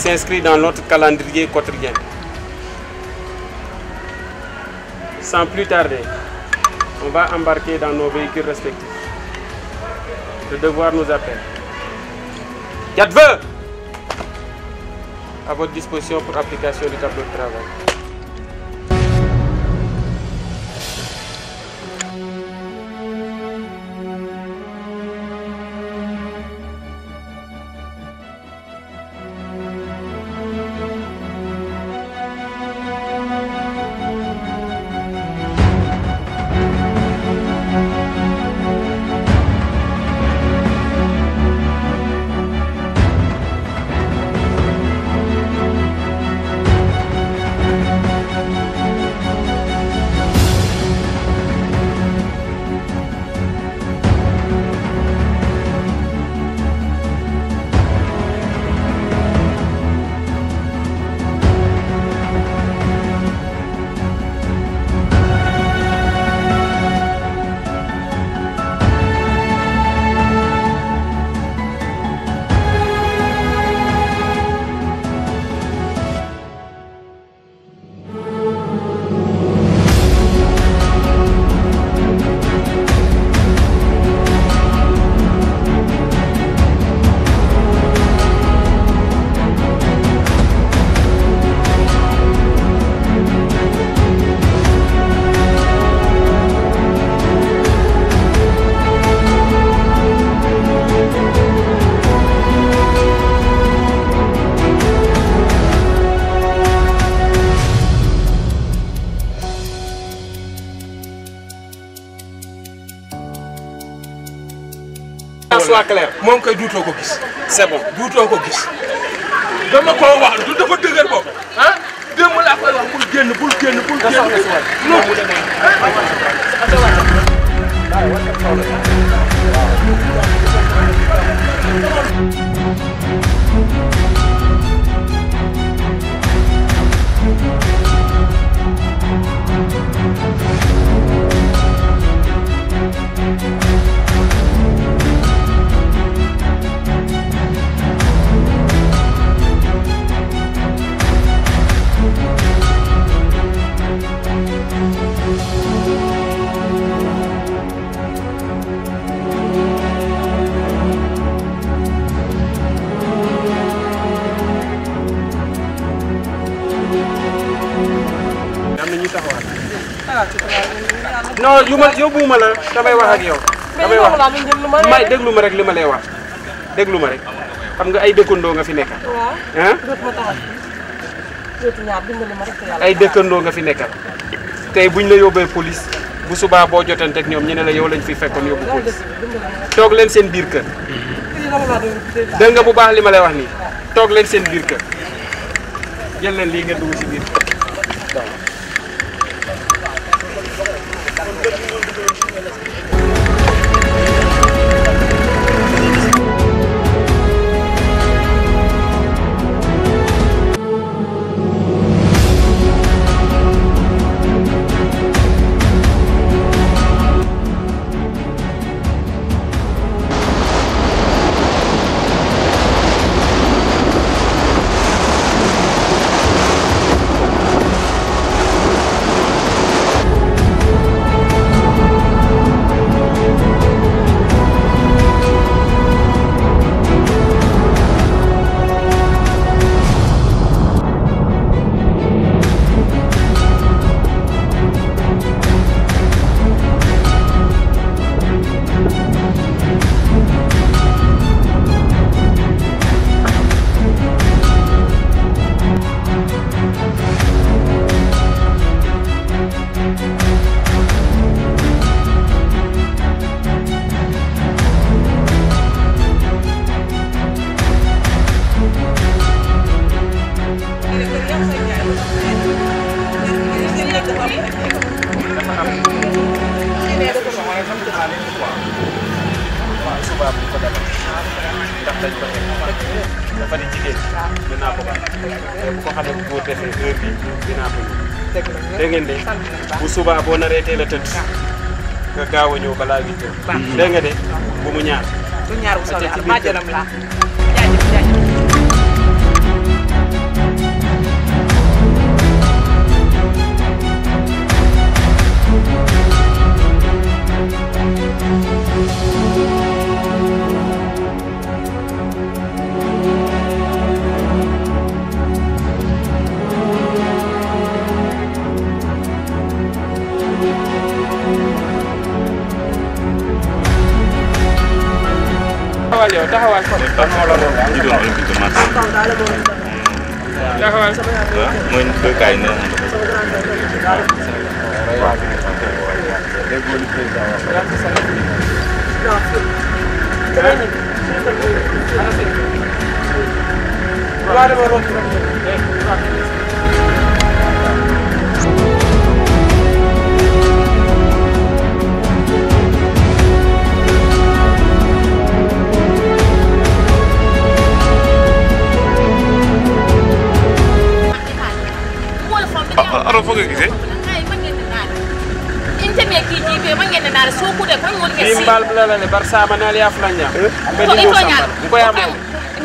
s'inscrit dans notre calendrier quotidien. Sans plus tarder, on va embarquer dans nos véhicules respectifs. Le devoir nous appelle. Quatre vœux à votre disposition pour application du tableau de travail. pas clair. moom koy duutoo ko gis. c'est bon duutoo ko gis. dama ko wax du dafa dëgër bopp ah démb laa koy wax bul génn bul génn bul génn. yow yu ma yóbbuwuma la damay wax ak yow. may wax may déglu ma rek li ma lay wax déglu ma rek xam nga ay dëkkandoo nga fi nekkal. ah ay dëkkandoo nga fi nekkal tey buñ la yóbbee police bu subaa boo jotanteeg ñoom ñu ne la yow lañ fi fekkoon yóbbu police toog leen seen biir kër. dégg nga bu baax li ma lay wax nii toog leen seen biir kër jël lii nga dugg biir kër. defee heure bi dinaa ko ñëw. dëgg la dégg ngeen de bu subaa boo naree teel a tëdd. nga a ñëw nga de bu mu ñaar. du ñaar bu judul oleh pintu mas mun berkait ni Gracias. Arona foo koy gisee. internet kii jii fee ma ngeen ne naare soo kudee kon ngeen si limbal bila la ne bar sama ne aliya fula nya eh? ko ito nya ko ya mo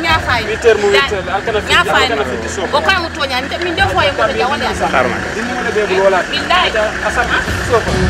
nya fay witer mu witer alkana fi alkana fi so ko kan mu tonya min defo e ko ja wala xarma dinu wala be bu wala billahi asama so ko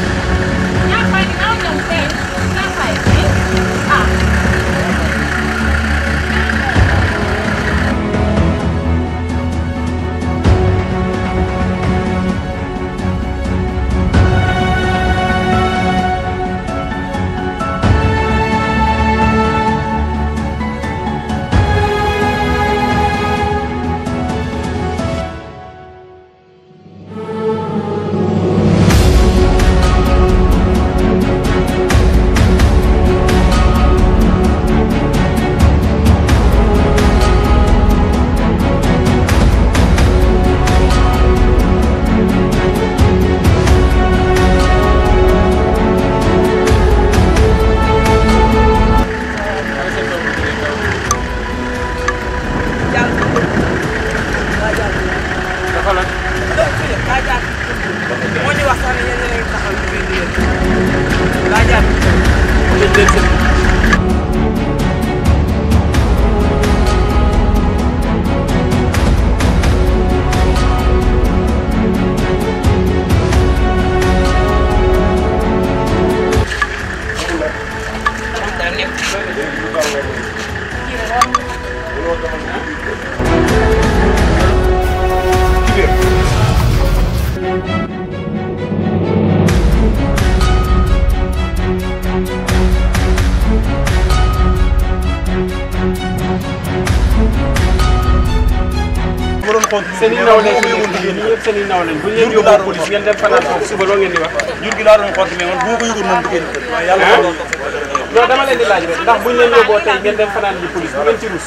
seen i naw lañ ñëpp seen i naw lañ bu ñu leen yóbbu police ngeen dem fanaan foofu suba loo ngeen di wax jur gi laa doon xool mais man bu ma ko yëgoon moom duggee yàlla non dama leen di laaj rek ndax bu ñu leen yóbboo tey ngeen dem fanaan ji police bu ngeen ci rus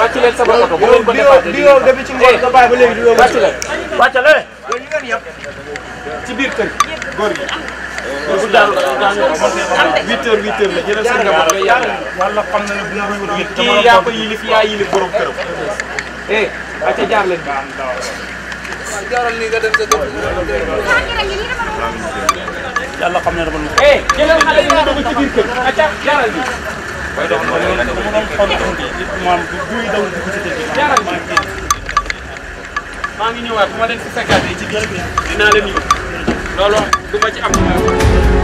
wàcc leen sama oto bu ngeen ko defaatee di yow depuis ci ngoon nga bàyyi ba léegi di yow wàcc leen wàcc leen ci biir kër góor gi bu daal huit heures huit heures la jëlal sa njaboot wala xam na ne bu ñu koy wut kii yaa ko yilif yaa yilif borom këram eh ayca jaar leen. waaw jaaral nii nga dem sa góor yàlla xam ne dama nu. eh jëlal xale yi nga dugg ci biir kër ayca jaaral bi. waaye dama doon dama doon xool tuuti maanaam buy daw dugg ci kër gi. jaaral bi maa ngi ñëwaat bu ma leen fi fekkaatee ci biir bi dinaa leen yóbbu loolu du ma ci am.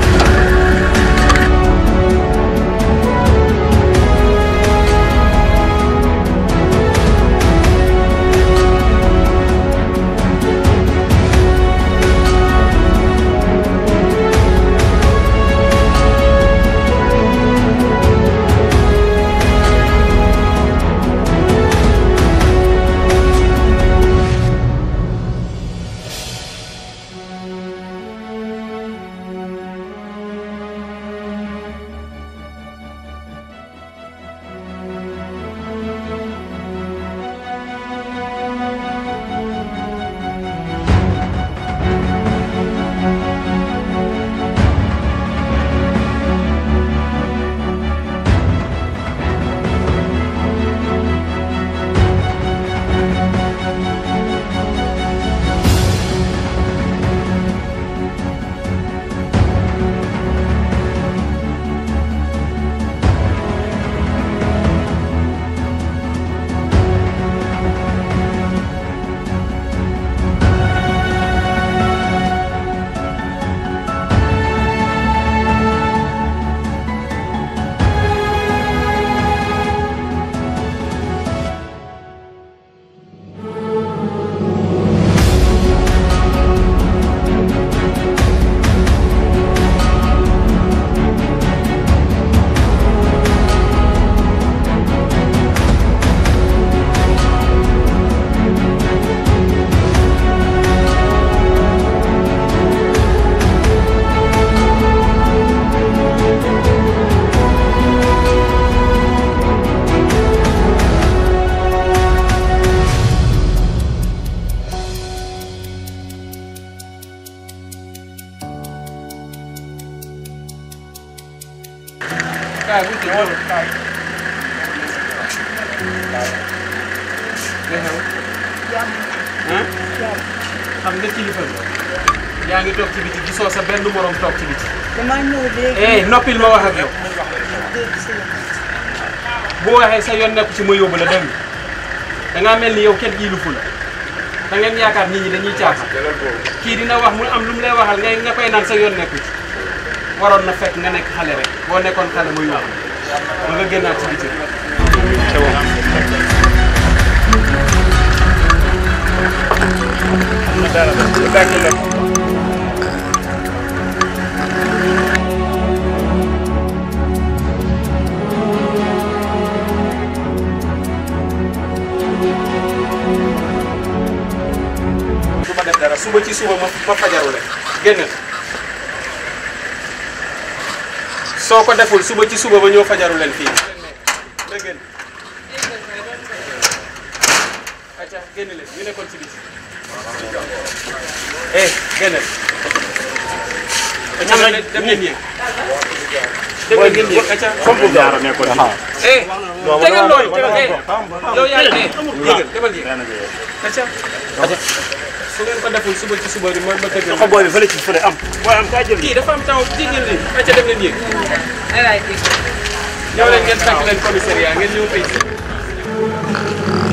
xam nga kilifa bi yaa ngi toog ci biti gisoo sa benn morom toog ci biti. damaa ñëw léegi. Eh, noppil ma wax ak yow. bu waxee sa yoon nekk ci ma yóbbu la dem da mel ni yow kenn gii lufu la da ngeen yaakaar nit ñi dañuy caas kii dina wax mu am lu mu lay waxal ngay nga koy naan sa yoon nekku ci waroon na fekk nga nekk xale rek boo nekkoon xale ma yóbbu ba nga génnaat ci biti. ñu lekk suba ci suba ma ma fajaru soo ko deful suba ci suba ba ñëw fajaru leen fii nga eh génn. ñoom lañ dem nañ yéeg. dem nañ yéeg acca. comme bu gaara nekkoon ci. eh tegal loolu tegal eh yow yaa eh, ngi yéegal demal yéeg. acca. su ngeen ko deful suba ci suba bi mooy ba tëgg. xoboo bi fële ci fële am. waaw am kaa jël kii dafa am taw kii ngeen nii acca dem nañ yéeg. ñëw leen ngeen fekk leen commissariat ngeen ñëw fay.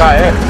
Tá, é.